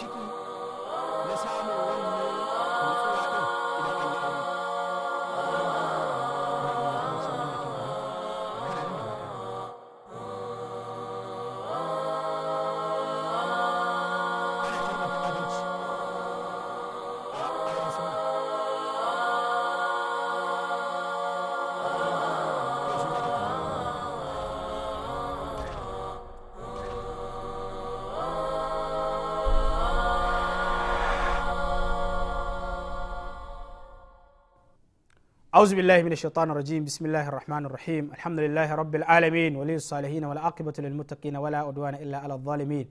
마시고 أعوذ بالله من الشيطان الرجيم بسم الله الرحمن الرحيم الحمد لله رب العالمين ولي الصالحين والعاقبة للمتقين ولا عدوان إلا على الظالمين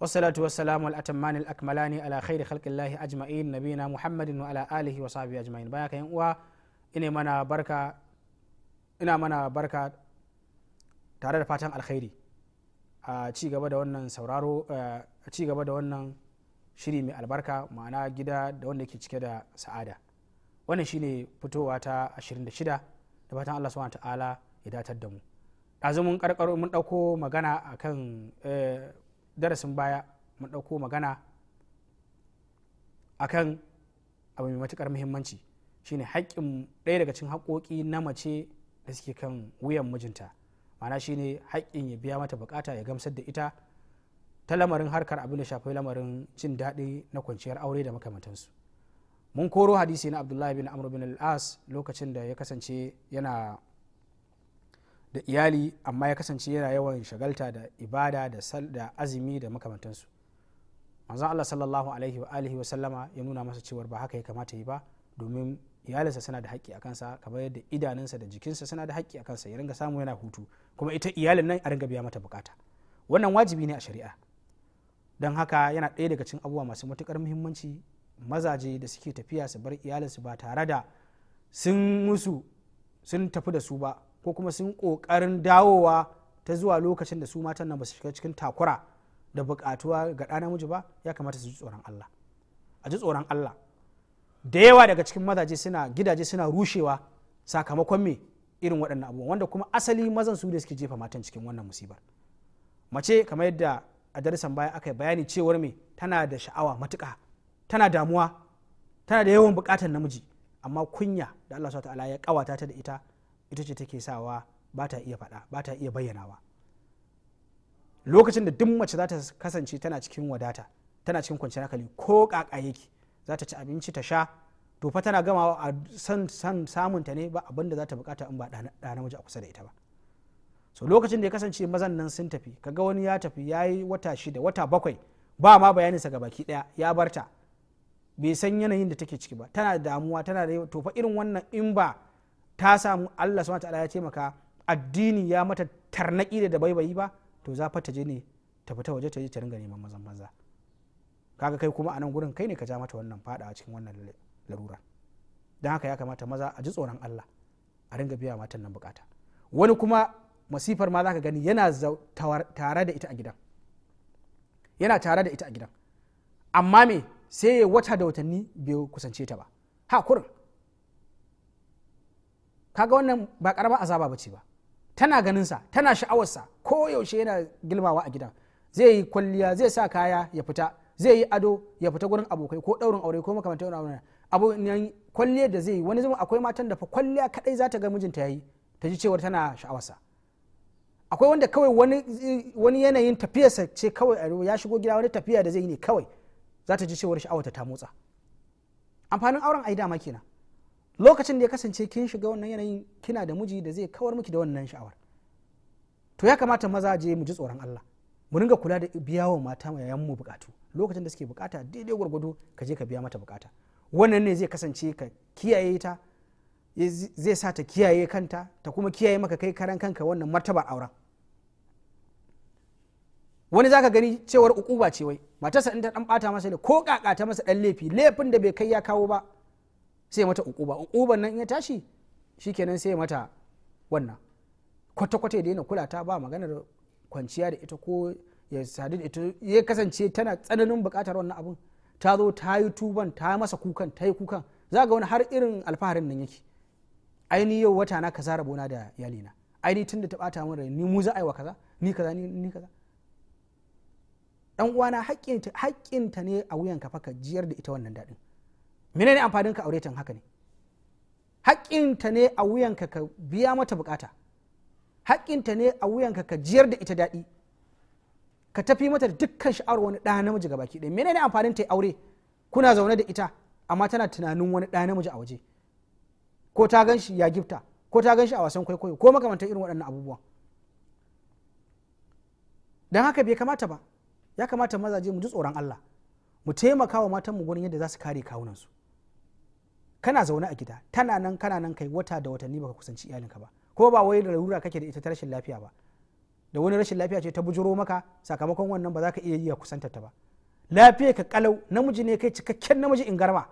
والصلاة والسلام والأتمان الأكملان على خير خلق الله أجمعين نبينا محمد وعلى آله وصحبه أجمعين بارك ينقوى إني منا بركة إنا منا بركة تعالى فاتن الخير ci gaba da wannan sauraro ci gaba da wannan shiri mai albarka ma'ana gida da wanda ke cike da sa'ada wannan shine fitowa ta 26 da fatan Allah subhanahu ta'ala ya datar da mu ɗazu mun karkaro mun ɗauko magana akan eh, darasin baya mun ɗauko magana akan abu mai matukar muhimmanci shine haƙƙin ɗaya daga cikin haƙoƙi na mace da suke kan wuyan mijinta ma'ana shine haƙƙin ya biya mata bukata ya gamsar da ita ta lamarin harkar abin da shafi lamarin jin daɗi na kwanciyar aure da makamantansu mun koro hadisi na abdullahi bin amr bin al-as lokacin da ya kasance yana da iyali amma ya kasance yana yawan shagalta da ibada da da azumi da makamantansu manzon Allah sallallahu alaihi wa alihi wa sallama ya nuna masa cewa ba haka ya kamata yi ba domin iyalinsa suna da haƙƙi a kansa kamar yadda idanunsa da jikinsa suna da haƙƙi a kansa ya ringa samu yana hutu kuma ita iyalin nan a ringa biya mata bukata wannan wajibi ne a shari'a don haka yana ɗaya daga cikin abubuwa masu matuƙar muhimmanci mazaje da suke tafiya su bar iyalinsu ba tare da sun musu sun tafi da su ba ko kuma sun ƙoƙarin dawowa ta zuwa lokacin da su matan nan ba su shiga cikin takura da buƙatuwa ga ɗa namiji ba ya kamata su ji tsoron Allah a ji tsoron Allah da yawa daga cikin mazaje suna gidaje suna rushewa sakamakon me irin waɗannan abubuwan wanda kuma asali mazan su da suke jefa matan cikin wannan musibar mace kamar yadda a darasan baya aka yi bayani cewar me tana da sha'awa matuƙa tana damuwa tana da yawan bukatar namiji amma kunya da Allah subhanahu ta'ala ya kawata ta da ita ita ce take sawa ba ta iya faɗa ba ta iya bayyanawa lokacin da duk mace za ta kasance tana cikin wadata tana cikin kwanciyar hankali ko kaka yake za ta ci abinci ta sha to fa tana gamawa a san san samun ta ne ba abin za ta bukata in ba da namiji a kusa da ita ba so lokacin da ya kasance mazan nan sun tafi kaga wani ya tafi yayi wata shida wata bakwai ba ma bayanin sa ga baki daya ya barta bai san yanayin da take ciki ba tana da damuwa tana da to fa irin wannan in ba ta samu Allah subhanahu ta'ala ya taimaka addini ya mata tarnaki da bai bai ba to za fa ta je ne ta fita waje ta je ta ringa neman mazan maza kaga kai kuma a nan gurin kai ne ka ja mata wannan fada a cikin wannan larura don haka ya kamata maza a ji tsoron Allah a ringa biya matan nan bukata wani kuma masifar ma zaka gani yana tare da ita a gidan yana tare da ita a gidan amma me sai ya wata da watanni bai kusance ta ba ha kurin kaga wannan ba karamar azaba bace ba tana ganinsa tana sha'awarsa ko yaushe yana gilmawa a gidan zai yi kwalliya zai sa kaya ya fita zai yi ado ya fita gurin abokai ko daurin aure ko makamantar aure abu kwalliyar da zai yi wani zama akwai matan da fa kwalliya kadai za ta ga mijinta ya yi ta ji cewa tana sha'awarsa akwai wanda kawai wani, yanayin tafiyarsa ce kawai a ya shigo gida wani tafiya da zai yi ne kawai za ta ji cewar sha'awata ta motsa amfanin auren ai dama kenan lokacin da ya kasance kin shiga wannan yanayin kina da miji da zai kawar miki da wannan sha'awar to ya kamata maza je mu ji tsoron Allah mu ringa kula da biya wa mata yayan mu bukatu lokacin da suke bukata daidai gwargwado ka je ka biya mata bukata wannan ne zai kasance ka kiyaye ta zai sa ta kiyaye kanta ta kuma kiyaye maka kai karan kanka wannan martabar auren wani zaka gani cewar ukuba ce wai matarsa in ta ɗan bata masa ko kaka ta masa ɗan laifi laifin da bai kai ya kawo ba sai mata ukuba ukuban nan in ya tashi shikenan sai mata wannan kwata kwata ya daina kula ta ba maganar kwanciya da ita ko ya sadu da ita ya kasance tana tsananin bukatar wannan abun ta zo ta yi tuban ta masa kukan ta yi kukan za ga wani har irin alfaharin nan yake ainihin yau wata na kaza rabona da yalina ainihin tun da ta bata min rai ni mu za a yi wa kaza ni kaza ni kaza dan uwana ta ne a wuyan ka ka jiyar da ita wannan daɗin menene amfanin ka aure haka ne ta ne a wuyan ka ka biya mata bukata ta ne a wuyan ka ka jiyar da ita daɗi ka tafi mata dukkan sha'awar wani ɗa namiji ga baki ɗaya menene amfanin ta aure kuna zaune da ita amma tana tunanin wani ɗa namiji a waje ko ta gan shi ya gifta ko ta gan shi a wasan kwaikwayo ko makamantar irin waɗannan abubuwan don haka bai kamata ba ya kamata mazaje mu ji tsoron Allah mu taimaka wa matanmu gurin yadda za su kare su kana zaune a gida tana nan kana nan kai wata da watanni baka kusanci iyalinka ba ko ba wai da rura kake da ita ta rashin lafiya ba da wani rashin lafiya ce ta bujuro maka sakamakon wannan ba za ka iya yi a kusantar ta ba lafiya ka kalau namiji ne kai cikakken namiji in garma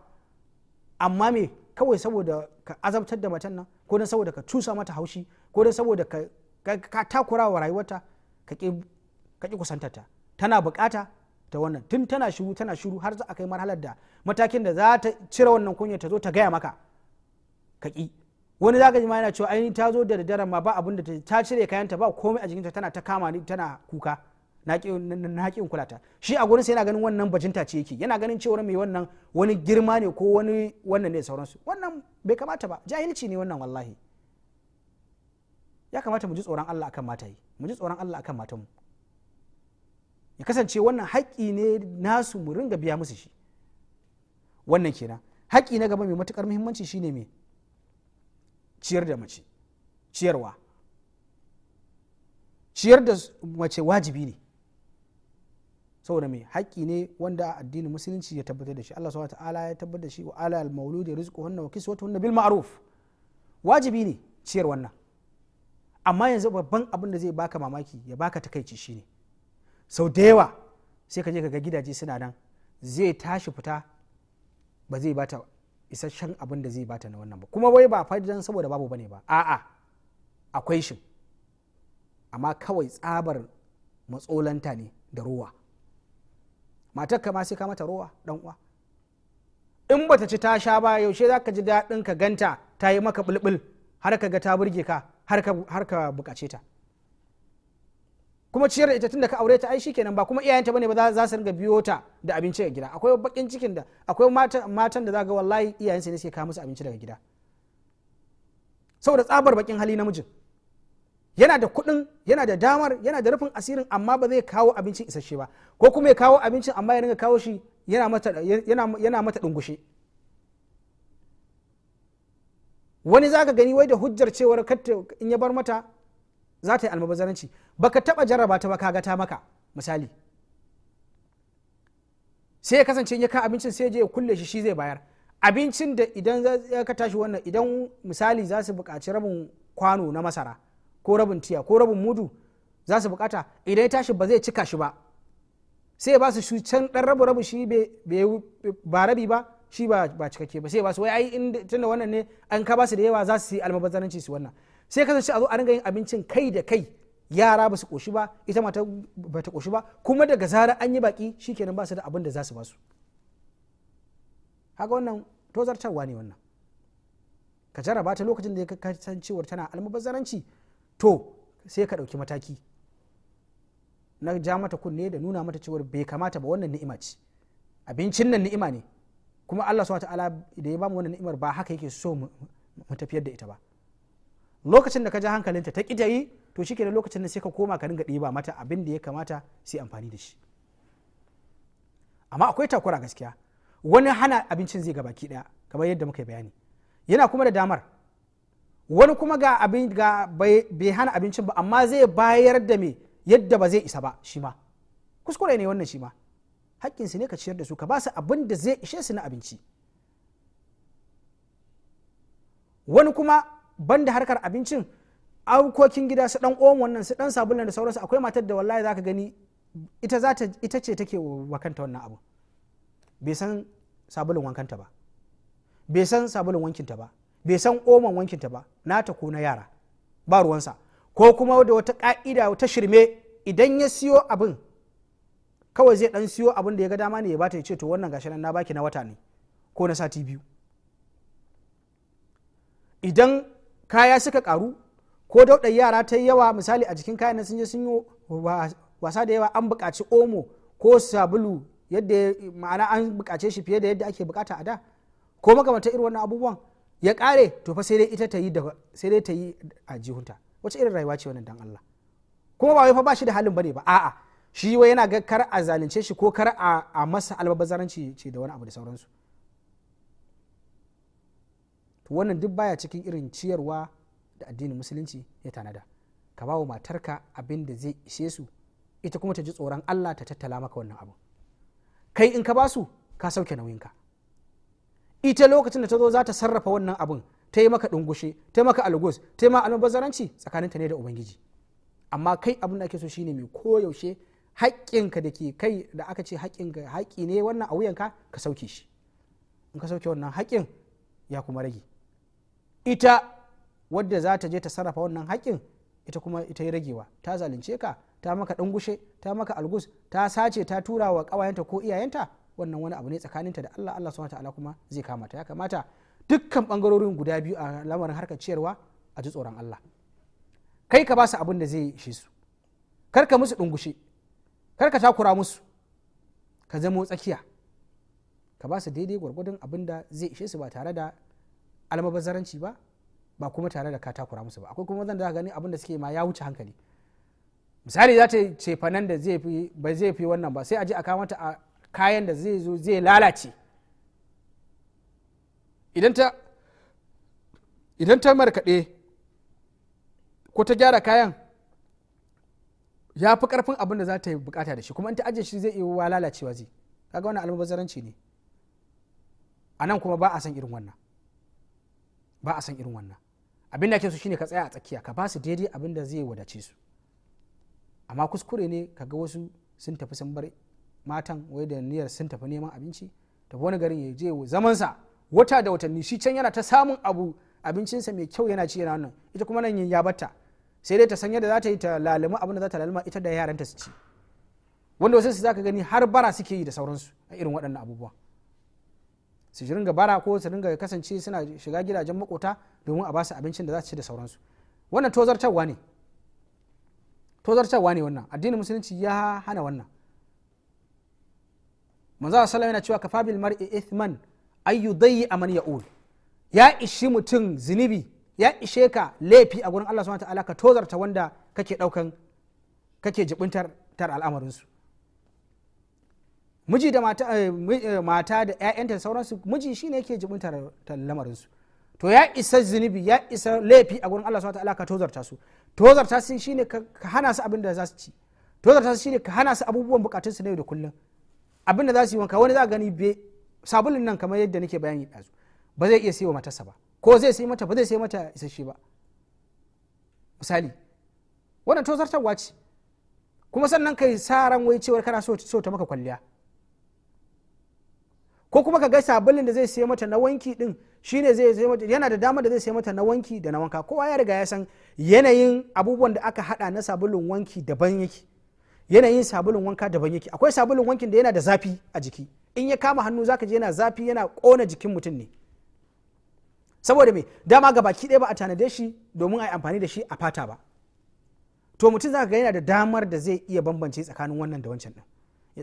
amma me kawai saboda ka azabtar da matan nan ko dan saboda ka cusa mata haushi ko dan saboda ka takura wa rayuwarta ka ki kusantar ta tana bukata ta wannan tun tana shiru tana shiru har za a kai marhalar da matakin da za ta cire wannan kunya ta zo ta gaya maka ka wani wani ka ji ma yana cewa ainihin ta zo da daddaren ma ba abin da ta cire kayanta ba komai a jikinta tana ta kama ni tana kuka na haƙi in kula shi a gurinsa yana ganin wannan bajinta ce yake yana ganin cewa mai wannan wani girma ne ko wani wannan ne sauransu wannan bai kamata ba jahilci ne wannan wallahi ya kamata mu ji tsoron Allah akan mata yi mu ji tsoron Allah akan mu ya kasance wannan haƙƙi ne nasu mu ringa biya musu shi wannan kenan haƙƙi na gaba mai matuƙar muhimmanci shine mai ciyar da mace ciyarwa ciyar da mace wajibi ne saboda mai haƙƙi ne wanda addinin musulunci ya tabbatar da shi Allah subhanahu ta'ala ya tabbatar da shi wa ala al mauludi rizquhunna wa kiswatuhunna bil ma'ruf wajibi ne ciyar wannan amma yanzu babban abin da zai baka mamaki ya baka takaici shine sau da yawa sai ka je ka ga gidaje suna nan zai tashi fita ba zai bata isasshen abin da zai bata na wannan ba kuma wai ba fadan saboda babu bane ba a'a akwai shi amma kawai tsabar matsolanta ne da ruwa matar ka ma sai ka mata ruwa dan uwa in bata ci ta sha ba yaushe za ka ji daɗin ka ganta ta yi maka bulbul har ka ga ta burge ka har ka bukace ta kuma ciyar da ita tun da ka aure ta ai shikenan ba kuma iyayenta bane ba za su ringa biyo ta da abinci daga gida akwai bakin cikin da akwai matan da za ga wallahi iyayensu ne suke kawo musu abinci daga gida saboda tsabar bakin hali namijin yana da kuɗin yana da damar yana da rufin asirin amma ba zai kawo abinci isasshe ba ko kuma ya kawo abinci amma ya ringa kawo shi yana mata yana yana mata dungushe wani zaka gani wai da hujjar cewar in ya bar mata za ta yi almubazzaranci ka taɓa jarraba ta ba ka gata ta maka misali sai ya kasance ya ka abincin sai je ya kulle shi shi zai bayar abincin da idan ya ka tashi wannan idan misali za su buƙaci rabin kwano na masara ko rabin tiya ko rabin mudu za su buƙata idan ya tashi ba zai cika shi ba sai ba su shi can ɗan rabu rabu shi ba rabi ba shi ba cikakke ba sai ba su wai ai tunda wannan ne an ka ba su da yawa za su yi almubazzaranci su wannan sai kasance a zo a ringa yin abincin kai da kai yara ba su koshi ba ita mata ba ta koshi ba kuma daga zarar an yi baki shikenan ba su da abin da za su ba su haka wannan tozartarwa ne wannan ka jarrabata ta lokacin da ka san cewar tana almubazzaranci to sai ka ɗauki mataki na ja mata kunne da nuna mata cewar bai kamata ba wannan ni'ima ce abincin nan ni'ima ne kuma Allah subhanahu da ya bamu wannan ni'imar ba haka yake so mu tafiyar da ita ba lokacin da ka ja hankalinta ta ƙi yi to shi kenan lokacin da sai ka koma ka dinga ɗiba mata abin da ya kamata sai amfani da shi amma akwai takura gaskiya wani hana abincin zai gabaki ɗaya kamar yadda muka yi bayani yana kuma da damar wani kuma ga abin ga bai hana abincin ba amma zai bayar da me yadda ba zai isa ba shi ma kuskure ne wannan shi ma su ne ka ciyar da su ka ba su abin da zai ishe su na abinci wani kuma banda harkar abincin aukokin gida su dan omo wannan su dan sabulu da sauransu akwai matar da wallahi zaka gani ita za ta ita ce take wakanta wannan abu bai san sabulun wankanta ba bai san sabulun wankinta ba bai san omon wankinta ba nata ko na yara ba ruwansa ko kuma da wata ka'ida wata shirme idan ya siyo abin kawai zai dan siyo abin da ya ga dama ne ya bata ya ce to wannan gashi nan na baki na wata ne ko na sati biyu idan kaya suka karu ko daudar yara ta yawa misali a jikin kayan sun je sun yi wasa da yawa an buƙaci omo ko sabulu yadda ma'ana an buƙace shi fiye da yadda ake buƙata a da ko makamantar irin wannan abubuwan ya ƙare to fa sai dai ita ta yi da sai dai ta yi a jihunta wace irin rayuwa ce wannan dan Allah kuma ba wai fa ba shi da halin bane ba a'a shi wai yana ga kar a zalunce shi ko kar a masa albabazaranci ce da wani abu da sauransu to wannan duk baya cikin irin ciyarwa da addinin musulunci ya tanada ka ba wa matarka abin da zai ishe su ita kuma ta ji tsoron allah ta tattala maka wannan abu kai in ka ba su ka sauke nauyin ka ita lokacin da ta zo za ta sarrafa wannan abin ta yi maka dungushe ta yi maka algos ta yi ma albazaranci tsakaninta ne da ubangiji amma kai abin da ake so shine mai koyaushe haƙƙinka da ke kai da aka ce haƙƙinka haƙƙi ne wannan a wuyanka ka sauke shi in ka sauke wannan haƙƙin ya kuma rage ita wadda za ta je ta sarrafa wannan haƙƙin ita kuma ita yi ragewa ta zalunce ka ta maka ɗangushe ta maka algus ta sace ta tura wa ƙawayenta ko iyayenta wannan wani abu ne tsakaninta da Allah Allah subhanahu ta'ala kuma zai kama ta ya kamata dukkan bangarorin guda biyu a lamarin harkar ciyarwa a ji tsoron Allah kai ka ba su abin da zai ishe su kar ka musu ɗungushe kar ka takura musu ka zamo tsakiya ka ba su daidai gwargwadon abin da zai ishe su ba tare da almabazzaranci ba ba kuma tare da katakura musu ba akwai kuma zan da gani abin da suke ma ya wuce hankali misali za ta ce fanan da zai fi ba zai fi wannan ba sai a je a kawo mata a kayan da zai zo zai lalace idan ta idan ta markaɗe ko ta gyara kayan ya fi karfin abin da za ta yi bukata da shi kuma in ta ajiye shi zai iya lalacewa zai kaga wannan almubazzaranci ne a nan kuma ba a san irin wannan ba a san irin wannan abin da ake so shine ka tsaya a tsakiya ka ba su daidai abin da zai wadace su amma kuskure ne ka ga wasu sun tafi sun bar matan wai da niyyar sun tafi neman abinci tafi wani garin ya je sa wata da watanni shi can yana ta samun abu abincinsa mai kyau yana ci yana wannan ita kuma nan yin ya batta sai dai ta san yadda za ta yi ta lalima abin da za ta lalima ita da yaranta su ci wanda wasu su za gani har bara suke yi da sauransu a irin waɗannan abubuwan. su ringa bara ko su ringa kasance suna shiga gidajen makota domin a ba su abincin da za su ci da sauransu wannan tozartarwa ne tozartarwa ne wannan addinin musulunci ya hana wannan manzo sallallahu yana cewa ka bil mar'i ithman ay yudayyi aman ya'ul ya ishi mutum zinubi ya ishe ka laifi a gurin Allah subhanahu wa ta'ala ka tozarta wanda kake daukan kake jibintar al'amarin su miji da mata eh, eh, da 'ya'yanta sauransu miji shine yake lamarin lamarinsu to ya isa zunubi ya isa laifi a gurin Allah subhanahu ta'ala ka tozarta su tozarta su shine ka hana su abin da za su ci tozarta su shine ka hana su abubuwan bukatun su yau da kullum abin da za su yi wanka wani za gani be sabulun nan kamar yadda nake bayani dazu ba zai iya sayo matarsa ba ko zai sayi mata ba zai sayi mata isasshe ba misali wannan tozartarwa ce kuma sannan kai sa ran wai cewar kana so ta maka kwalliya ko kuma ka ga sabulin da zai sai mata na wanki din shine zai sai mata yana da dama da zai sai mata na wanki da na wanka kowa ya riga ya san yanayin abubuwan da aka hada na sabulun wanki daban yake yanayin sabulun wanka daban yake akwai sabulun wankin da yana da zafi a jiki in ya kama hannu zaka je yana zafi yana kona jikin mutum ne saboda me dama ga baki ɗaya ba a tanade shi domin a yi amfani da shi a fata ba to mutum zaka ga yana da damar da zai iya bambance tsakanin wannan da wancan din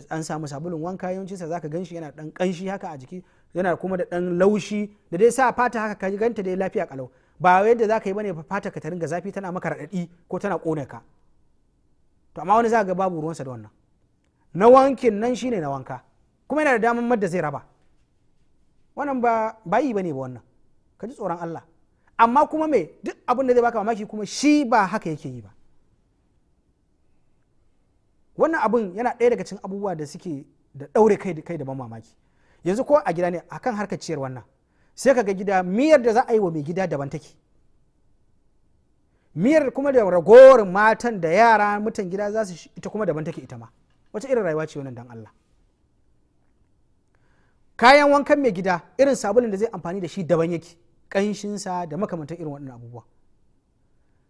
an samu sabulun wanka yawancinsa zaka ganshi yana dan kanshi haka a jiki yana kuma da dan laushi da dai sa fata haka ka ganta dai lafiya kalau ba yadda zaka yi bane fata ka ta ringa zafi tana maka raɗaɗi ko tana kona ka to amma wani za ga babu ruwansa da wannan na wankin nan shine na wanka kuma yana da daman madda zai raba wannan ba bayi bane ba wannan ka ji tsoron Allah amma kuma me duk abin da zai baka mamaki kuma shi ba haka yake yi ba wannan abun yana ɗaya daga cikin abubuwa da suke da ɗaure kai da kai da ban mamaki yanzu ko a gida ne akan harkar ciyar wannan sai ka ga gida miyar da za a yi wa mai gida daban take miyar kuma da ragowar matan da yara mutan gida za su ita kuma daban take ita ma wata irin rayuwa ce wannan dan Allah kayan wankan mai gida irin sabulun da zai amfani da shi daban yake sa da makamantan irin waɗannan abubuwa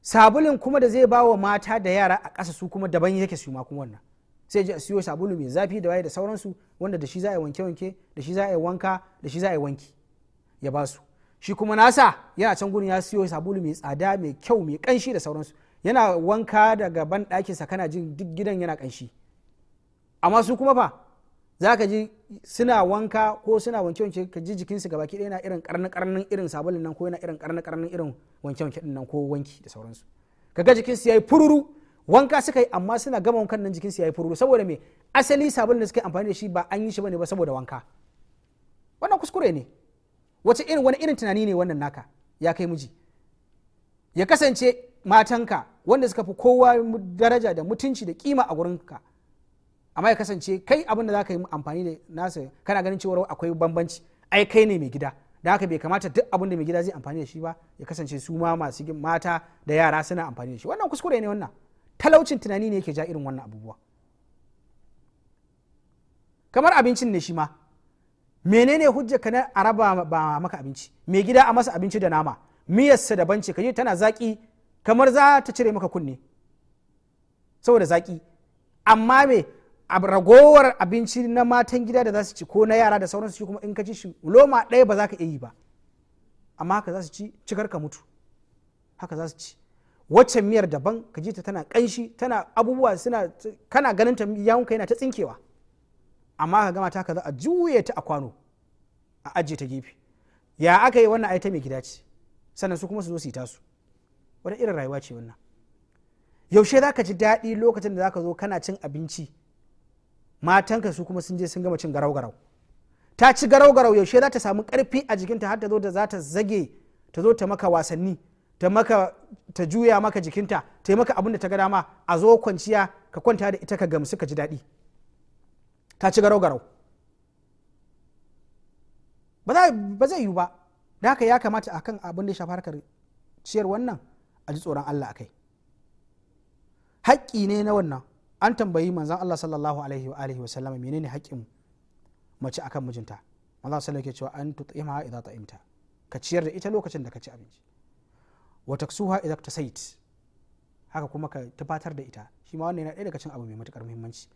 sabulin kuma da zai bawa mata da yara a ƙasa su kuma daban yake su ma kuma wannan sai ji a siyo sabulu mai zafi da waye da sauransu wanda da shi za a yi wanke-wanke da shi za a yi wanka da shi za a yi wanki ya ba su shi kuma nasa yana can gurin ya siyo sabulu mai tsada mai kyau mai kanshi da sauransu yana wanka daga ban ɗakinsa kana jin duk gidan yana kanshi amma su kuma fa za ka ji suna wanka ko suna wanke wanke ka ji jikinsu gaba ki yana irin karnin karnin irin sabulin nan ko yana irin karnin karnin irin wanke wanke din nan ko wanki da sauransu kaga jikinsu yayi fururu wanka suka yi amma suna gama wankan nan jikinsu yayi fururu saboda me asali sabulin da suka amfani da shi ba an yi shi bane ba saboda wanka wannan kuskure ne wace irin wani irin tunani ne wannan naka ya kai miji ya kasance matanka wanda suka fi kowa daraja da mutunci da kima a gurinka amma ya kasance kai abin da za ka yi amfani da nasa kana ganin cewa akwai bambanci ai kai ne mai gida da haka bai kamata duk abin da mai gida zai amfani da shi ba ya kasance su ma masu mata da yara suna amfani da shi wannan kuskure ne wannan talaucin tunani ne yake ja irin wannan abubuwa kamar abincin ne shi ma menene hujja ka na araba ba maka abinci mai gida a masa abinci da nama miyarsa daban ce kaje tana zaki kamar za ta cire maka kunne saboda zaki amma me ragowar abinci na matan gida da za su ci ko na yara da sauransu ci kuma in ka ci shi loma ɗaya ba za ka iya yi ba amma haka za su ci cikar ka mutu haka za su ci waccan miyar daban ka ji ta tana ƙanshi tana abubuwa suna kana ganin ta yawunka yana ta tsinkewa amma ka gama ta za a juye ta a kwano a ajiye ta gefe ya aka yi wannan aita mai gida ce sannan su kuma su zo su yi tasu wani irin rayuwa ce wannan yaushe za ka ji daɗi lokacin da za ka zo kana cin abinci matanka su kuma sun je sun gama cin garau garau ta ci garau garau yaushe za ta samu karfi a jikinta har ta zo da za ta zage ta zo ta maka wasanni ta maka ta juya maka jikinta ta yi maka abin da ta ga dama a zo kwanciya ka kwanta da ita ka gamsu ka ji daɗi ta ci garau garau ba zai yiwu ba da haka ya kamata a kan abin da ya shafa harkar ciyar wannan a ji tsoron Allah akai haƙƙi ne na wannan an tambayi manzan Allah sallallahu alaihi wa alihi wa wasallama menene haƙƙin mace akan mijinta manzan sallallahu yake cewa an tut'ima idza ta'imta ka ciyar da ita lokacin da ka ci abinci wa taksuha idza tasait haka kuma ka tufatar da ita shi ma wannan yana ɗaya daga cikin abu mai matukar muhimmanci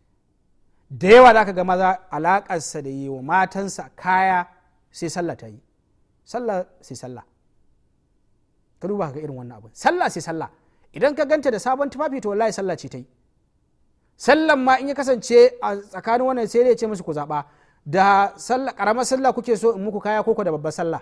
da yawa zaka ga maza sa da yi wa matansa kaya sai sallah ta yi sallah sai sallah ka duba ka irin wannan abu sallah sai sallah idan ka ganta da sabon tufafi to wallahi sallah ce ta yi sallan ma in ya kasance a tsakanin wannan sai dai ce musu ku zaɓa da sallah karamar sallah kuke so in muku kaya koko da babbar sallah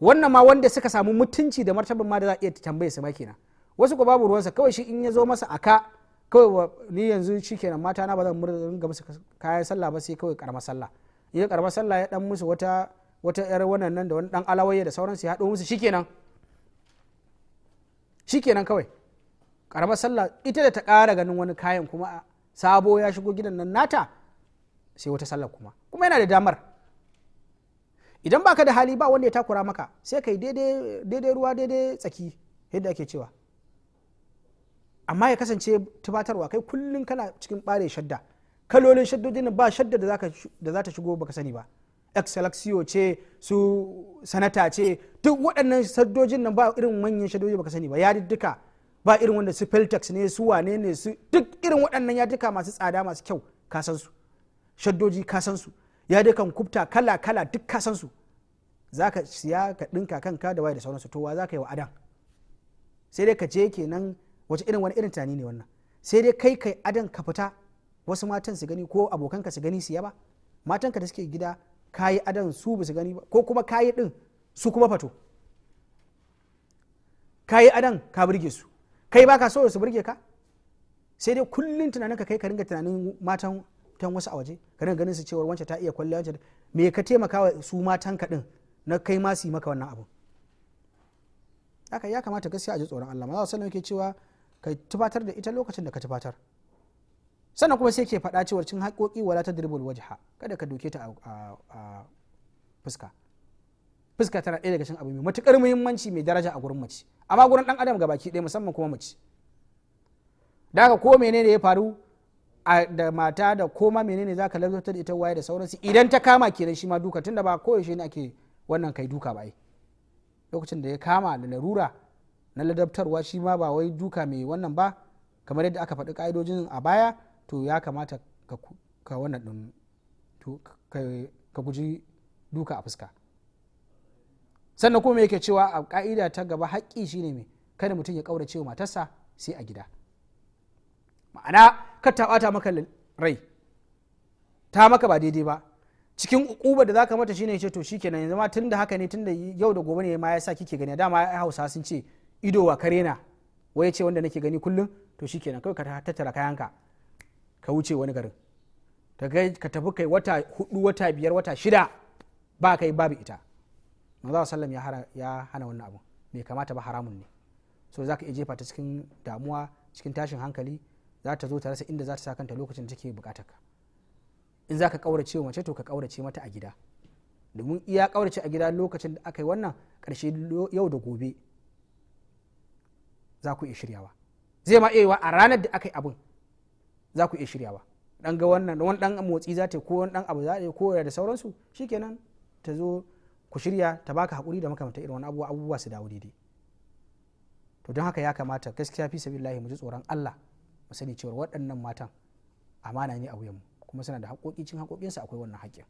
wannan ma wanda suka samu mutunci da martaban ma da za a iya tambaye su ma kenan wasu ko babu ruwansa kawai shi in ya zo masa aka kawai ni yanzu shi kenan mata na ba zan ga musu kayan sallah ba sai kawai karamar sallah ya karamar sallah ya dan musu wata wata yar wannan nan da wani dan alawaye da sauransu ya haɗo musu shi kenan kawai karamar sallah ita da ta ƙara ganin wani kayan kuma a sabo ya shigo gidan nan nata sai wata sallar kuma kuma yana da damar idan baka da hali ba wanda ya takura maka sai kai daidai ruwa daidai tsaki yadda ake cewa amma ya kasance tubatarwa kai kullum kana cikin bare shadda kalolin shaddodin ba shadda da za ta shigo baka sani ba excelsior ce su sanata ce duk waɗannan shaddojin nan ba irin manyan shaddoji baka sani ba ya diddika. ba irin wanda su filtex ne su wane ne su duk irin waɗannan yadika masu tsada masu kyau kasan shaddoji kasan su yadikan kubta kala kala duk kasan za ka siya ka ɗinka kanka da waye da sauransu to wa za ka yi wa adan sai dai ka je kenan wace irin wani irin tani ne wannan sai dai kai kai adan ka fita wasu matan su gani ko abokanka su gani siya ba ka da suke gida kayi adan su bisu gani ba ko kuma kayi din su kuma fato kayi adan ka burge su kai baka so su burge ka sai dai kullun tunanin ka kai ka ringa tunanin matan tan wasu a waje ka ringa ganin su cewa wancan ta iya kwalliya wancan me ka taimaka wa su matan ka din na kai ma su yi maka wannan abu haka ya kamata gaskiya a ji tsoron Allah maza sallallahu yake cewa ka tubatar da ita lokacin da ka tubatar sannan kuma sai ke faɗa cewa cin haƙoƙi wala ta dirbul wajha kada ka doke ta a fuska fuska tana ɗaya daga cikin abu mai matuƙar muhimmanci mai daraja a gurin mace amma gurin dan adam gabaki ɗaya musamman kuma mace da haka ko menene ya faru da mata da koma menene zaka lafzata da ita waye da sauransu idan ta kama kenan shi ma duka tunda ba koyaushe ne ake wannan kai duka ba lokacin da ya kama da larura na ladabtarwa shi ma ba wai duka mai wannan ba kamar yadda aka faɗi ka'idojin a baya to ya kamata ka wannan ka guji duka a fuska sannan kuma yake cewa a ka'ida ta gaba haƙƙi shine mai kada mutum ya ƙaurace wa matarsa sai a gida ma'ana kar ta ɓata maka rai ta maka ba daidai ba cikin ukuba da za ka mata shine ce to shi kenan yanzu ma tun da haka ne da yau da gobe ne ma yasa kike gani dama ai Hausa sun ce ido wa kare na wai ce wanda nake gani kullum to shi kenan kai ka tattara kayanka ka wuce wani garin ka tafi kai wata hudu wata biyar wata shida ba kai babu ita manzo sallam ya hana wannan abu bai kamata ba haramun ne so za ka iya jefa ta cikin damuwa cikin tashin hankali za ta zo ta rasa inda za ta sa kanta lokacin da take bukatar ka in za ka kaurace mace to ka kaurace mata a gida domin iya kaurace a gida lokacin da aka yi wannan karshe yau da gobe za ku iya shiryawa zai ma iya a ranar da aka yi abin za ku iya shiryawa dan ga wannan wani dan motsi za ta yi ko wani dan abu za ta yi ko da sauransu shikenan ta zo ku shirya ta baka hakuri da makamanta irin wani abubuwa abubuwa su dawo daidai to don haka ya kamata gaskiya fi sabilillahi mu ji tsoron Allah mu sani cewa waɗannan matan amana ne a wuyanmu kuma suna da haƙoƙi cin haƙoƙinsu akwai wannan haƙƙin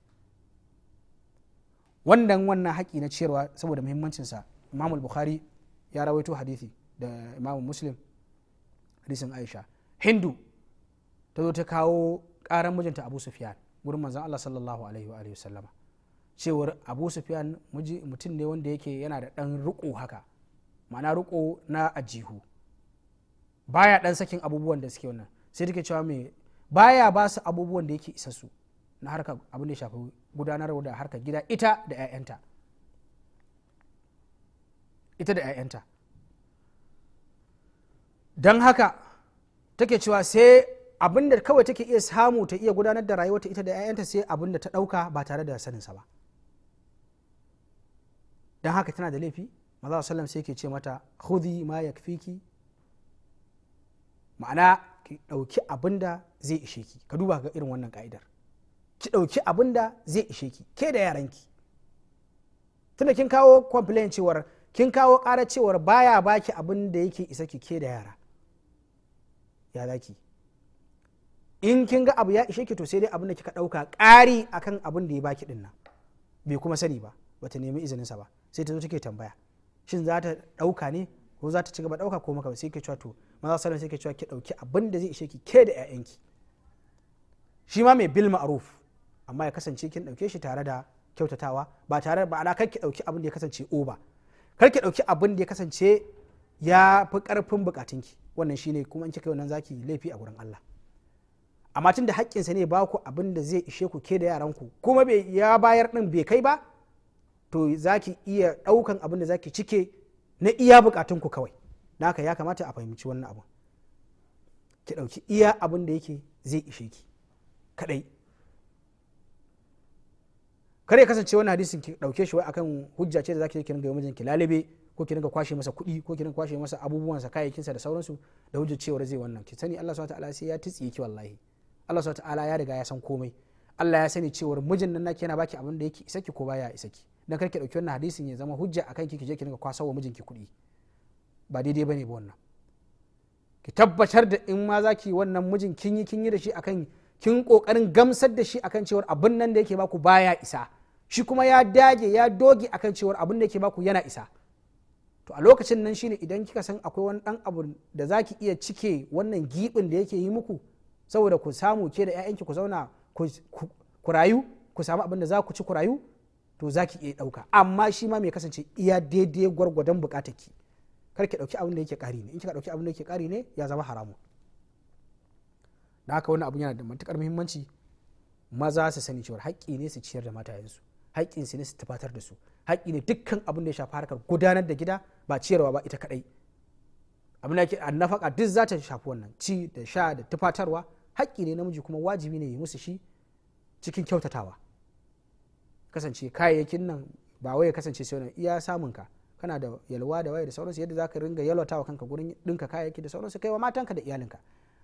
wannan wannan haƙƙi na ciyarwa saboda muhimmancinsa imamul bukhari ya rawaito hadithi da imamu muslim hadisin aisha hindu ta zo ta kawo ƙaran mijinta abu sufyan gurin manzon allah sallallahu alaihi wa cewar abu sufiyan mutum ne wanda yake yana da ɗan riko haka ma'ana riko na ajihu baya ɗan sakin abubuwan da suke wannan sai take cewa mai baya ba su abubuwan da yake isa su na harka abin da shafi gudanarwa da harkar gida ita da 'ya'yanta ita da 'ya'yanta don haka take cewa sai abin da kawai take iya samu ta iya gudanar da rayuwarta ita da 'ya'yanta sai abin da ta ɗauka ba tare da saninsa ba don haka tana da laifi maza sallam sai ke ce mata khudhi ma ya ki ma'ana ki ɗauki abin da zai ishe ki ka duba ga irin wannan ka'idar ki ɗauki abin da zai ishe ki ke da yaranki tunda kin kawo complain cewar kin kawo ƙara cewar baya baki abin da yake isa ki ke da yara ya zaki in kin ga abu ya ishe ki to sai dai abin da kika ɗauka ƙari akan abin da ya baki dinna bai kuma sani ba bata nemi izininsa ba sai ta zo take tambaya shin za ta ɗauka ne ko za ta ci gaba ɗauka ko maka sai ke cewa to maza salon sai ke cewa ki ɗauki abin da zai ishe ki ke da 'ya'yanki shi ma mai bil ma'ruf amma ya kasance kin ɗauke shi tare da kyautatawa ba tare ba ala kar ki ɗauki abin da ya kasance o ba kar ki ɗauki abin da ya kasance ya fi ƙarfin ki wannan shine kuma in kika wannan zaki laifi a gurin Allah amma tun da haƙƙinsa ne ba ku abin da zai ishe ku ke da yaranku kuma ya bayar ɗin bai kai ba to za ki iya ɗaukan abin da za ki cike na iya bukatunku kawai na ka ya kamata a fahimci wannan abu ki ɗauki iya abin da yake zai ishe ki kaɗai kar ya kasance wani hadisin ki ɗauke shi wai akan hujja ce da za ki ki mijinki lalabe ko ki ringa kwashe masa kuɗi ko ki ringa kwashe masa abubuwan kayayyakin kayayyakinsa da sauransu da hujjar cewar zai wannan ki sani Allah subhanahu wataala sai ya titsiye ki wallahi Allah subhanahu wataala ya riga ya san komai Allah ya sani cewar mijin nan naki yana baki abin da yake isa ki ko baya isa ki Na kar ki dauki wannan hadisin ya zama hujja akan ki je ki dinga kwasawa mijinki kuɗi ba daidai bane ba wannan ki tabbatar da in ma zaki wannan mijin kin yi kin yi da shi akan kin kokarin gamsar da shi akan cewar abin nan da yake baku baya isa shi kuma ya dage ya doge akan cewar abin da yake baku yana isa to a lokacin nan shine idan kika san akwai wani dan abu da zaki iya cike wannan gibin da yake yi muku saboda ku samu ke da 'ya'yanki ku zauna ku rayu ku samu abin da za ku ci ku rayu to za ki iya ɗauka amma shi ma mai kasance iya daidai gwargwadon buƙatar ki kar ki ɗauki abin da yake ƙari ne in kika ɗauki abin da yake ƙari ne ya zama haramun da haka wani abun yana da matuƙar muhimmanci maza su sani cewa haƙƙi ne su ciyar da matayensu haƙƙin su ne su tabbatar da su haƙƙi ne dukkan abin da ya shafi harkar gudanar da gida ba ciyarwa ba ita kaɗai abin da a annafaka duk za ta shafi wannan ci da sha da tufatarwa haƙƙi ne namiji kuma wajibi ne ya musu shi cikin kyautatawa kasance kayayyakin nan ba wai ya kasance sai wani iya samun ka kana da yalwa da waye da sauransu yadda zaka ringa yalwata wa kanka gurin dinka kayayyaki da sauransu kai wa matanka da iyalinka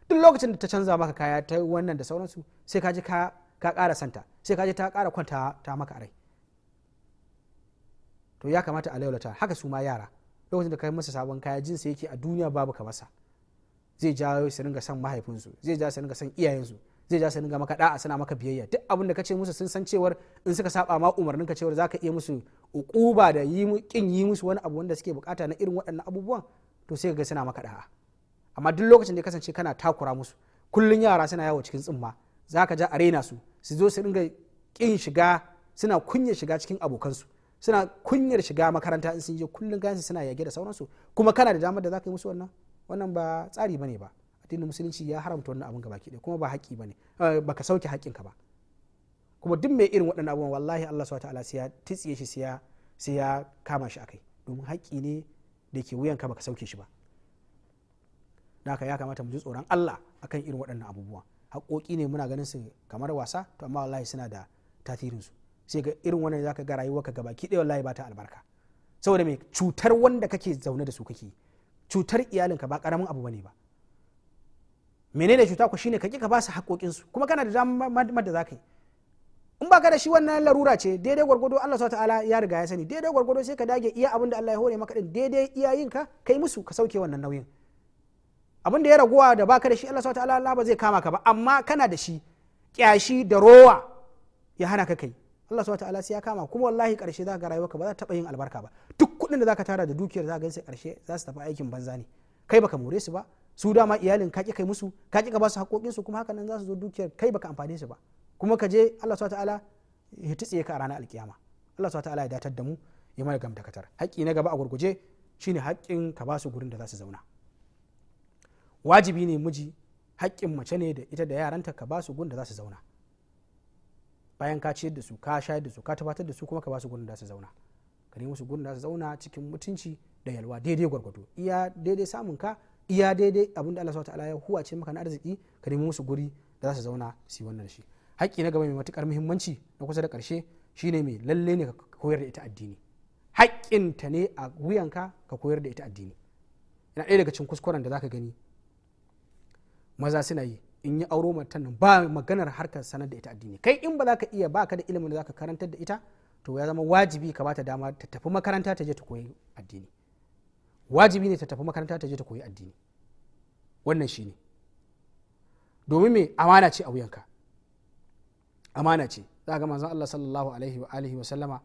duk lokacin da ta canza maka kaya ta wannan da sauransu sai ka ka ka ƙara santa sai ka ta ƙara kwanta ta maka rai to ya kamata a laulata haka su ma yara lokacin da kai masa sabon kaya jinsa yake a duniya babu kamar sa zai jawo su ringa son mahaifinsu zai jawo su ringa son iyayensu zai ja su ga maka da'a suna maka biyayya duk abin da kace musu sun san cewar in suka saba ma umarnin ka cewar zaka iya musu ukuba da yi kin yi musu wani abu wanda suke bukata na irin waɗannan abubuwan to sai ga suna maka da'a amma duk lokacin da kasance kana takura musu kullun yara suna yawo cikin tsimma zaka ja arena su su zo su dinga kin shiga suna kunyar shiga cikin abokansu suna kunyar shiga makaranta in sun je kullun gansu suna yage da sauransu kuma kana da damar da zaka yi musu wannan wannan ba tsari bane ba addinin musulunci ya haramta wannan abun gabaki ɗaya kuma ba haƙi bane eh, ka sauke ka ba kuma duk mai irin waɗannan abubuwan wallahi Allah wa ta'ala sai ya titsiye shi sai ya kama shi akai domin haƙi ne da ke wuyanka ka sauke shi ba da haka ya kamata mu ji tsoron Allah akan irin waɗannan abubuwa haƙoƙi ne muna ganin su kamar wasa to amma wallahi suna da tasirin su sai ga irin wannan zaka ga rayuwarka gabaki ɗaya wallahi ba ta albarka saboda mai cutar wanda kake zaune da su kake cutar iyalinka ba karamin abu bane ba menene cuta ku shine ka ki ka ba su haƙoƙin su kuma kana da damar da zaka yi in ka da shi wannan larura ce daidai gwargwado Allah subhanahu ta'ala ya riga ya sani daidai gwargwado sai ka dage iya abin da Allah ya hore maka din daidai iyayin ka kai musu ka sauke wannan nauyin abin da ya raguwa da baka da shi Allah subhanahu ta'ala Allah ba zai kama ka ba amma kana da shi kyashi da rowa ya hana ka kai Allah subhanahu ta'ala sai ya kama kuma wallahi karshe za ka rayuwarka ba za ta taba yin albarka ba duk kuɗin da zaka tara da dukiyar za ka gansa karshe za su tafi aikin banza ne kai baka more su ba su dama iyalin ka kai musu ka kika ba su hakokin su kuma haka nan za su zo dukiyar kai baka amfane su ba kuma ka je Allah subhanahu ta'ala ya tsiye ka a ranar alkiyama Allah subhanahu ta'ala ya datar da mu ya mana gamta katar haƙƙi na gaba a gurguje shine haƙƙin ka ba su gurin da za su zauna wajibi ne miji haƙƙin mace ne da ita da yaranta ka ba su gurin da za su zauna bayan ka ciyar da su ka shayar da su ka tabbatar da su kuma ka ba su gurin da za su zauna ka nemi musu gurin da za su zauna cikin mutunci da yalwa daidai gwargwado iya daidai samun ka iya daidai abin da Allah subhanahu ta'ala ya ce maka na arziki ka nemi musu guri da za su zauna su yi wannan shi haƙƙi na gaba mai matuƙar muhimmanci na kusa da ƙarshe ne mai lalle ne ka koyar da ita addini haƙƙinta ne a wuyanka ka koyar da ita addini yana ɗaya daga cikin kuskuren da zaka gani maza suna yi in yi auro matan nan ba maganar harkar sanar da ita addini kai in ba za ka iya ba ka da ilimin da za ka karantar da ita to ya zama wajibi ka bata dama ta tafi makaranta ta je ta koyi addini wajibi ne ta tafi makaranta ta je ta koyi addini wannan shi ne domin me amana ce a wuyanka amana ce za ga manzon Allah sallallahu alaihi wa alihi wa sallama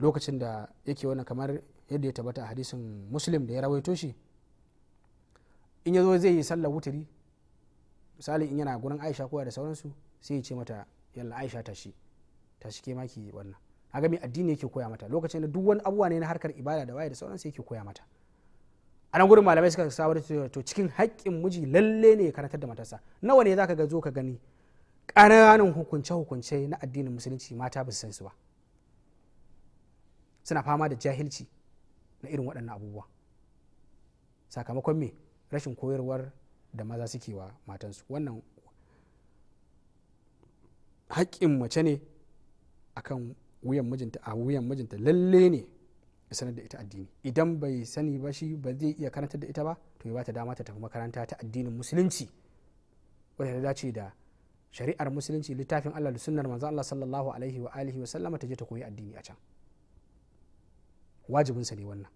lokacin da yake wannan kamar yadda ya tabbata a hadisin muslim da ya rawaito shi in ya zo zai yi sallar wuturi misali in yana gurin aisha kowa da sauransu sai ya ce mata yalla aisha ta shi ta shi ke maki wannan a addini yake koya mata lokacin da duk wani abuwa ne na harkar ibada da waye da sauransu yake koya mata a nan gurin malamai suka sabar to cikin haƙƙin miji lalle ne ya karantar da matarsa nawa ne zaka ga zo ka gani ƙananan hukunce hukunce na addinin musulunci mata ba su san su ba suna fama da jahilci na irin waɗannan abubuwa sakamakon me rashin koyarwar da maza suke wa matansu wannan haƙƙin mace ne akan wuyan mijinta a wuyan mijinta lalle ne ya sanar da ita addini idan bai sani ba shi ba zai iya karantar da ita ba to ya bata dama ta tafi makaranta ta addinin musulunci wadda ta dace da shari'ar musulunci littafin Allah da sunnar manzo Allah sallallahu alaihi wa alihi wa sallama ta je ta koyi addini a can wajibinsa ne wannan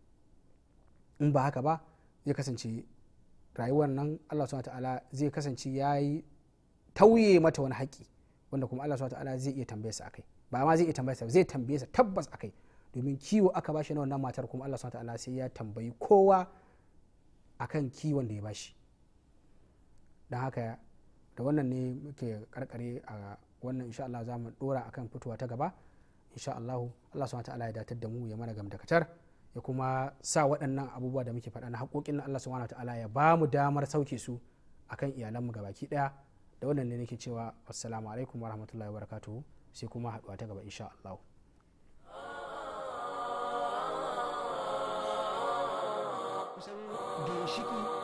in ba haka ba zai kasance rayuwar nan Allah subhanahu ta'ala zai kasance yayi tauye mata wani haƙi wanda kuma Allah subhanahu ta'ala zai iya tambaye sa akai ba ma zai iya tambaye sa zai tambaye sa tabbas akai domin kiwo aka bashi na wannan matar kuma Allah subhanahu ta'ala sai ya tambayi kowa akan kiwon da ya bashi don haka da wannan ne muke karkare a wannan insha Allah za mu dora akan fitowa ta gaba insha Allah Allah subhanahu ta'ala ya datar da mu ya mana gamdakatar ya kuma sa waɗannan abubuwa da muke faɗa na haƙoƙin na Allah subhanahu ta'ala ya ba mu damar sauke su akan iyalan iyalanmu gabaki ɗaya da wannan ne nake cewa assalamu alaikum warahmatullahi wabarakatuh sai kuma haɗuwa ta gaba insha Allah し